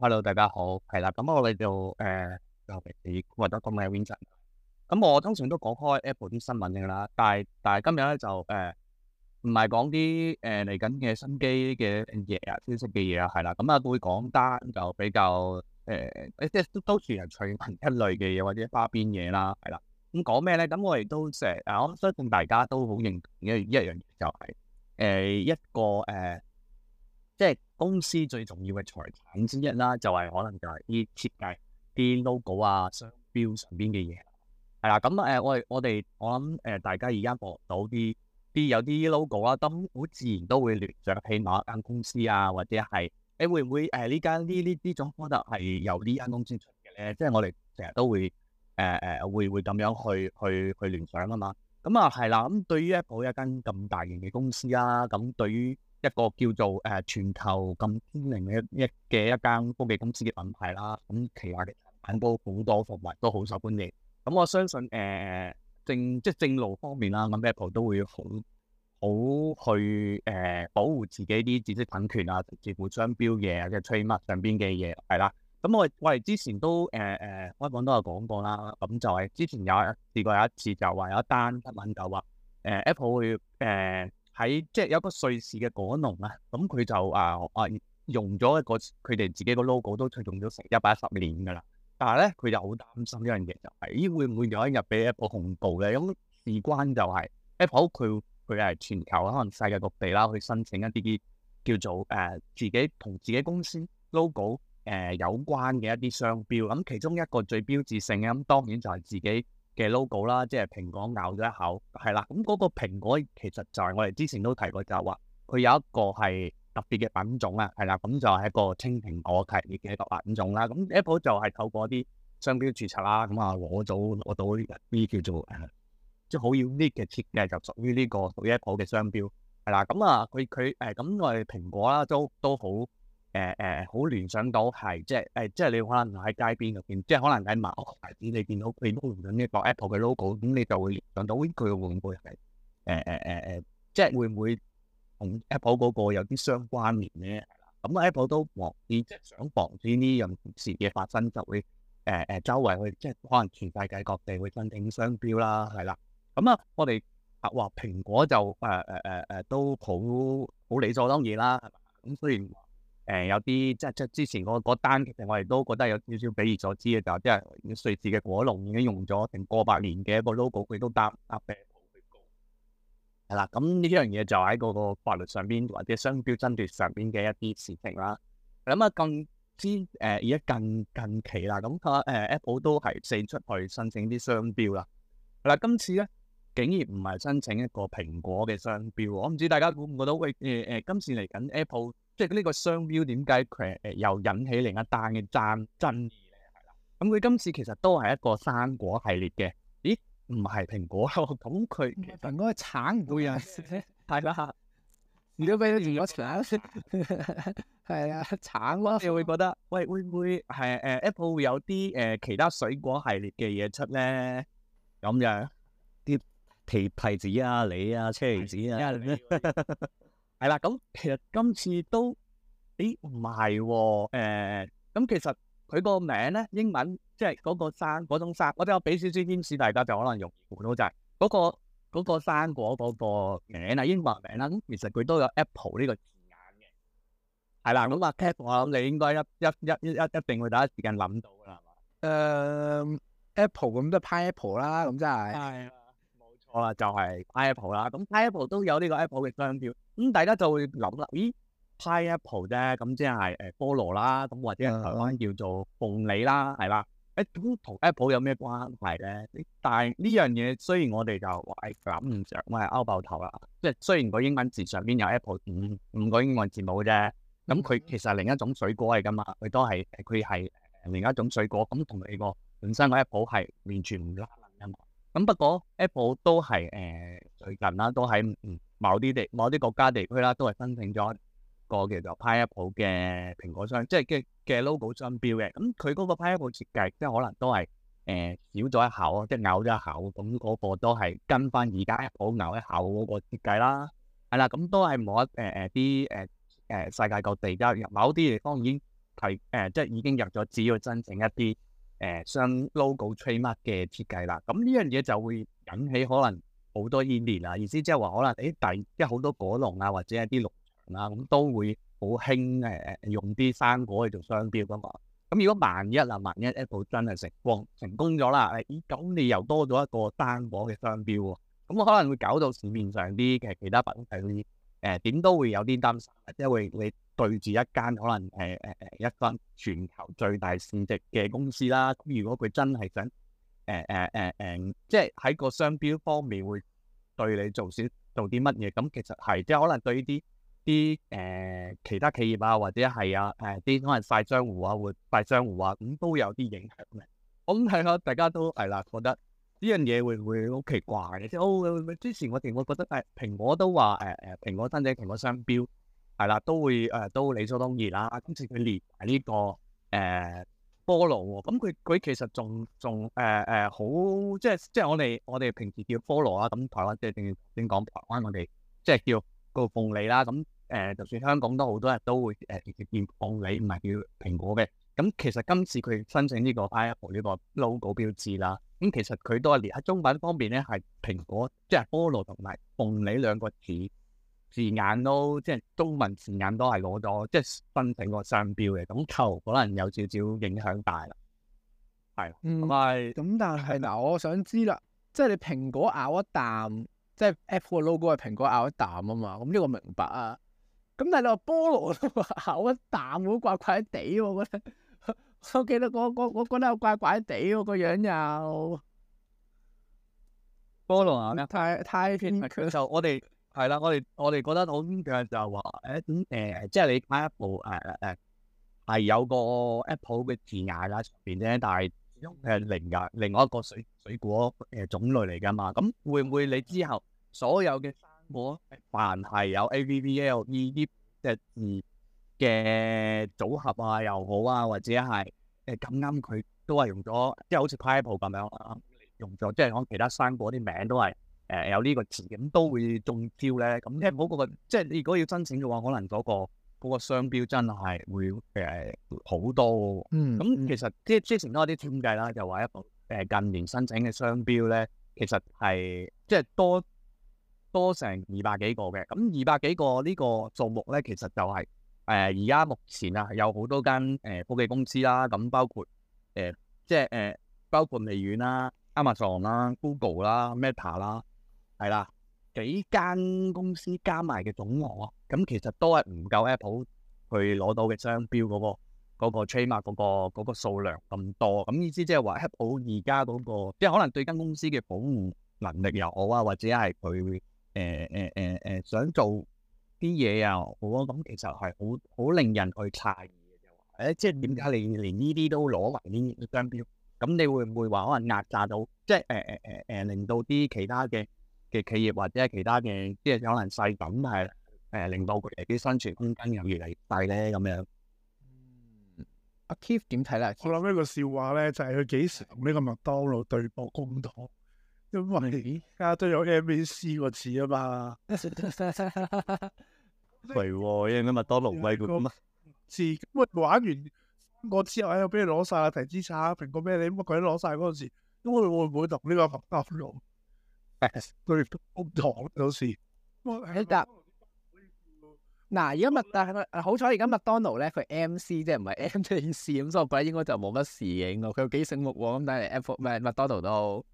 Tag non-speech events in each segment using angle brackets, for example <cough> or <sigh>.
Hello，大家好，係啦，咁我哋就誒，尤其是或者講嘅 Winter，咁我通常都講開 Apple 啲新聞嘅啦，但係但係今日咧就誒，唔係講啲誒嚟緊嘅新機嘅嘢啊，消息嘅嘢啊，係啦，咁、嗯、啊會講單就比較誒，即、呃、係都都算係趣聞一類嘅嘢或者花邊嘢啦，係啦，咁講咩咧？咁我哋都成日，啊我相信大家都好認同嘅一樣嘢就係、是、誒、呃、一個誒。呃即係公司最重要嘅財產之一啦，就係可能就係啲設計、啲 logo 啊、商標上邊嘅嘢。係啦，咁、嗯、誒，我哋我哋我諗誒，大家而家學到啲啲有啲 logo 啊，咁好自然都會聯想起某一間公司啊，或者係誒、欸、會唔會誒呢間呢呢呢種可能 d 係由呢間公司出嘅咧？即、就、係、是、我哋成日都會誒誒、呃呃、會會咁樣去去去聯想啊嘛。咁啊係啦，咁、嗯嗯、對於一 p 一間咁大型嘅公司啊，咁對於。一個叫做誒、呃、全球咁知名嘅一嘅一間科技公司嘅品牌啦，咁旗下其實揾到好多服務都好受歡迎。咁我相信誒、呃、正即係正路方面啦，咁 Apple 都會好好去誒、呃、保護自己啲知識產權啊，甚至乎商標嘅嘅 trade mark 上邊嘅嘢係啦。咁我我哋之前都誒誒開講都有講過啦。咁就係之前有試過有一次就話有一單新聞就話誒 Apple 會誒。呃在即係、就是、有一個瑞士嘅果農、嗯、啊，咁佢就啊啊用咗一個佢哋自己個 logo 都用咗成一百一十年㗎啦，但係呢，佢就好擔心一樣嘢就係咦會唔會有一日俾 Apple 控告呢？咁事關就係 Apple 佢係全球可能世界各地啦去申請一啲叫做、啊、自己同自己公司 logo、啊、有關嘅一啲商標，咁、嗯、其中一個最標誌性咁、嗯、當然就係自己。嘅 logo 啦，即係蘋果咬咗一口，係啦，咁嗰個蘋果其實就係我哋之前都提過就係話，佢有一個係特別嘅品種啊，係啦，咁就係一個青蘋果系列嘅一個品種啦。咁 Apple 就係透過啲商標註冊啦，咁啊攞到攞到呢啲叫做誒，即係好要呢嘅設計就屬於呢個 Apple 嘅商標，係啦，咁啊佢佢誒咁我哋蘋果啦都都好。誒誒好聯想到係即係誒，即係、欸、你可能喺街邊入邊，即係可能喺埋屋牌子，你見到佢都用緊呢個 Apple 嘅 logo，咁、嗯、你就會聯想到會會，佢會唔會係誒誒誒誒，即係會唔會同 Apple 嗰個有啲相關聯咧？咁 Apple 都望防，即係想防止呢樣事嘅發生，就會誒誒、呃、周圍去，即係可能全世界各地會申請商標啦，係、呃呃、啦。咁啊，我哋話蘋果就誒誒誒誒都好好理所當然啦，咁雖然。誒、嗯、有啲即係即之前嗰嗰、那個、單，其實我哋都覺得有少少匪夷所思嘅，就即係瑞士嘅果農已經用咗成過百年嘅一個 logo，佢都搭 Apple 去告，係、嗯、啦。咁、嗯、呢樣嘢就喺嗰個法律上邊或者商標爭奪上邊嘅一啲事情啦。咁啊，更之誒而家近近，近期啦，咁佢誒 Apple 都係四出去申請啲商標啦。嗱、嗯，今次咧竟然唔係申請一個蘋果嘅商標，我唔知大家估唔估到，喂誒誒今次嚟緊 Apple。即係呢個商標點解誒又引起另一單嘅爭爭議咧？係啦，咁佢今次其實都係一個生果系列嘅，咦？唔係蘋果咯，咁佢蘋果係橙類啊，係啦，如果俾你蘋果橙，係啊，橙，你會覺得喂會唔會係誒 Apple 會有啲誒其他水果系列嘅嘢出咧？咁樣啲皮皮子啊，梨啊，車厘子啊。係啦，咁其實今次都誒唔係喎，誒咁其實佢個名咧，英文即係嗰個生嗰種生，我都有俾少少暗示，大家就可能容易估到就係嗰個嗰個生果嗰個名啊，英文名啦，咁其實佢都有 Apple 呢個字眼嘅，係啦，咁啊 Apple，我諗你應該一一一一一定會第一時間諗到噶啦，係嘛？誒 Apple 咁都係 Apple 啦，咁真係。錯、就、啦、是，就係 pineapple 啦，咁 pineapple 都有呢個 apple 嘅商標，咁大家就會諗啦，咦 pineapple 啫，咁即係誒菠蘿啦，咁或者台灣叫做鳳梨啦，係啦，誒、欸，咁同 apple 有咩關係咧？但係呢樣嘢雖然我哋就係諗唔着，我係 o 爆頭啦，即係雖然個英文字上邊有 apple 五五個英文字母啫，咁佢其實係另一種水果嚟噶嘛，佢都係佢係另一種水果，咁同你個本身個 apple 係完全唔啦。咁不過 Apple 都係誒最近啦，都喺某啲地某啲國家地區啦，都係申請咗個叫做 Pineapple 嘅蘋果商，即係嘅嘅 logo 商標嘅。咁佢嗰個 Pineapple 設計，即係可能都係誒咬咗一口咯，即係咬咗一口。咁嗰個都係跟翻而家 Apple 咬一口嗰個設計啦。係啦，咁都係冇一誒誒啲誒誒世界各地啦，入某啲地方已經提誒，即係已經入咗，只要申請一啲。誒新 logo trademark 嘅設計啦，咁呢樣嘢就會引起可能好多牽連啦。意思即係話可能誒第即係好多果農啊，或者一啲農場啊咁都會好興、欸、用啲生果去做商標噶，咁如果萬一啦，萬一 Apple 真係成功成功咗啦，誒、欸、咁你又多咗一個生果嘅商標喎，咁可能會搞到市面上啲嘅其他品牌啲點、欸、都會有啲擔心，即、就、係、是、會。對住一間可能誒誒誒一間全球最大市值嘅公司啦，如果佢真係想誒誒誒誒，即係喺個商標方面會對你做少做啲乜嘢？咁、嗯、其實係即係可能對呢啲啲誒其他企業啊，或者係啊誒啲可能晒商戶啊，會晒商戶啊，咁、嗯、都有啲影響嘅。咁係啦，大家都係啦，覺得呢樣嘢會唔會好奇怪？即係 O，之前我哋會覺得誒、呃，蘋果都話誒誒，蘋果申請蘋果商標。係啦，都會誒、呃、都理所當然啦。今次佢連埋、這、呢個誒菠蘿喎，咁佢佢其實仲仲誒誒好，即係即係我哋我哋平時叫菠蘿啦。咁台灣即係正如頭先講台灣，我哋即係叫個鳳梨啦。咁、嗯、誒、呃，就算香港都好多人都會誒叫、呃、鳳梨，唔係叫蘋果嘅。咁、嗯、其實今次佢申請呢個 Apple 呢個 logo 標誌啦，咁、嗯、其實佢都係連喺中文方面咧，係蘋果，即係菠蘿同埋鳳梨兩個字。字眼都即係中文字眼都係攞多，即係申請個商標嘅，咁就可能有少少影響大啦，係唔係？咁、嗯、但係嗱，我想知啦，即係你蘋果咬一啖，即係 Apple 個 logo 係蘋果咬一啖啊嘛，咁呢個明白啊。咁但係你話菠蘿都咬一啖，好怪怪地喎，我覺得，我記得我我我覺得我怪怪地喎個樣又菠蘿啊，太太偏， <laughs> 就我哋。係啦，我哋我哋覺得好強就係話，誒咁誒，即係你 pineapple 誒誒係有個 apple 嘅字眼啦上邊啫，但係誒另嘅另外一個水水果誒種類嚟㗎嘛。咁會唔會你之後所有嘅生果，凡係有 AVBLE 啲字嘅組合啊又好啊，或者係誒咁啱佢都係用咗，即係好似 pineapple 咁樣啦，用咗，即係講其他生果啲名都係。誒、呃、有呢個詞咁都會中標咧，咁聽講嗰個，即係如果要申請嘅話，可能嗰、那個那個商標真係會誒好、呃、多喎。嗯，咁其實啲之前都有啲統計啦，就話一部誒近年申請嘅商標咧，其實係即係多多成二百幾個嘅。咁二百幾個，這個目呢個數目咧，其實就係誒而家目前啊有好多間誒科技公司啦，咁包括誒、呃、即係誒、呃、包括微軟啦、Amazon 啦、Google 啦、Meta 啦。係啦，幾間公司加埋嘅總額，咁其實都係唔夠 Apple 去攞到嘅商標嗰、嗰個嗰、嗰個 Trademark 嗰、嗰個嗰、嗰個數量咁多。咁意思即係話 Apple 而家嗰個，即係可能對間公司嘅保護能力又好啊，或者係佢、欸欸欸、想做啲嘢又好啊，咁其實係好好令人去猜嘅就話欸、即係點解你連呢啲都攞埋呢啲商標？咁你會唔會話可能壓榨到，即係、欸欸、令到啲其他嘅？嘅企業或者係其他嘅，即係可能細品係誒，令到佢啲生存空間又越嚟越大咧咁樣。阿 Keith 點睇咧？我諗呢個笑話咧，就係佢幾時同呢個麥當勞對簿公堂，因為家都有 M V C 個字啊嘛。係 <laughs> 喎、 <laughs> 哎，因為麥當勞威佢嘛。是咁，我玩完三之後喺度俾你攞晒，提子叉蘋果咩你乜鬼攞晒嗰陣時，咁我會唔會同呢個麥當勞？ <laughs> <laughs> 對屋、嗯、好似你答嗱，而家麥但係好彩，而家麥當勞咧佢 M C 即係唔係 M T C 咁，所以我覺得應該就冇乜事影咯。佢幾醒目咁，但係 Apple 唔係麥當勞都好。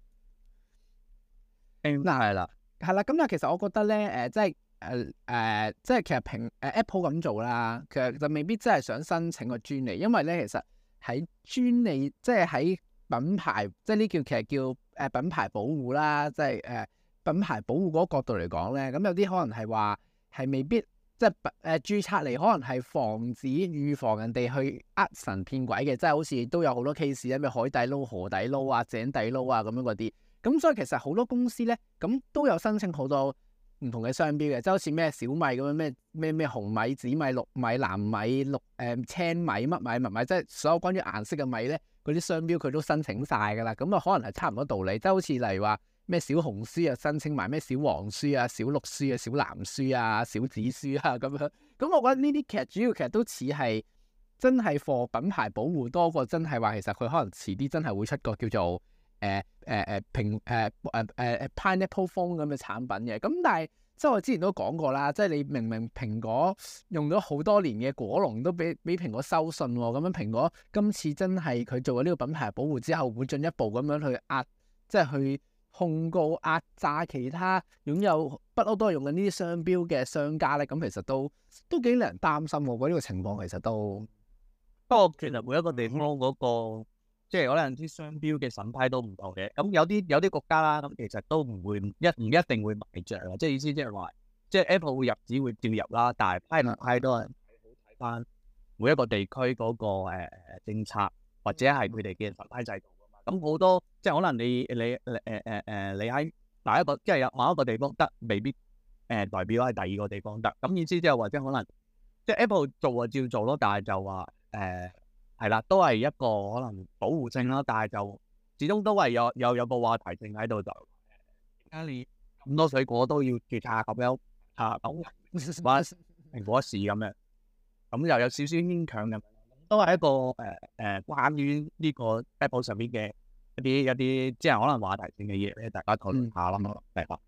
但係啦，係、啊、啦，咁但係其實我覺得咧，誒、呃啊，即係誒誒，即係其實平誒、啊、Apple 咁做啦，其實就未必真係想申請個專利，因為咧其實喺專利即係喺品牌，即係呢叫其實叫。誒品牌保護啦，即係誒品牌保護嗰個角度嚟講咧，咁有啲可能係話係未必，即係誒註冊嚟，可能係防止預防人哋去呃神騙鬼嘅，即係好似都有好多 case 啊，咩海底撈、河底撈啊、井底撈啊咁樣嗰啲，咁所以其實好多公司咧，咁都有申請好多唔同嘅商標嘅，即係好似咩小米咁樣，咩咩咩紅米、紫米、綠米、藍米、綠誒青米乜米乜米，即係所有關於顏色嘅米咧。嗰啲商標佢都申請晒㗎喇，咁啊可能係差唔多道理，即係好似例如話咩小紅書啊申請埋咩小黃書啊、小綠書啊、小藍書啊、小紫書啊咁樣，咁我覺得呢啲其實主要其實都似係真係貨品牌保護多過真係話其實佢可能遲啲真係會出個叫做誒誒誒平誒誒誒 pineapple phone 咁嘅產品嘅，咁但係。即係我之前都講過啦，即係你明明蘋果用咗好多年嘅果農都俾俾蘋果收信喎，咁樣蘋果今次真係佢做咗呢個品牌保護之後，會進一步咁樣去壓，即係去控告壓榨其他擁有不嬲都係用緊呢啲商標嘅商家咧，咁其實都都幾令人擔心，我覺得呢個情況其實都不過其實每一個地方嗰、那個。即係可能啲商標嘅審批都唔同嘅，咁有啲有啲國家啦，咁其實都唔會一唔一定會買帳嘅。即係意思即係話，即係 Apple 入會入，只會照入啦。但係批唔批都係睇翻每一個地區嗰、那個、呃、政策，或者係佢哋嘅審批制度啊嘛。咁好多即係可能你你誒誒誒，你喺第、呃、一個即係有某一個地方得，未必誒、呃、代表喺第二個地方得。咁意思即、就、係、是、或者可能即係 Apple 做就照做咯，但係就話誒。呃係啦，都係一個可能保護性啦，但係就始終都係有有有個話題性喺度就，而家你咁多水果都要註冊下咁樣啊，或者蘋果市試咁 <laughs> 樣，咁又有少少牽強嘅，都係一個誒誒、呃呃、關於呢個 Apple 上邊嘅一啲一啲即係可能話題性嘅嘢咧，大家討論下咯，係、嗯、嘛。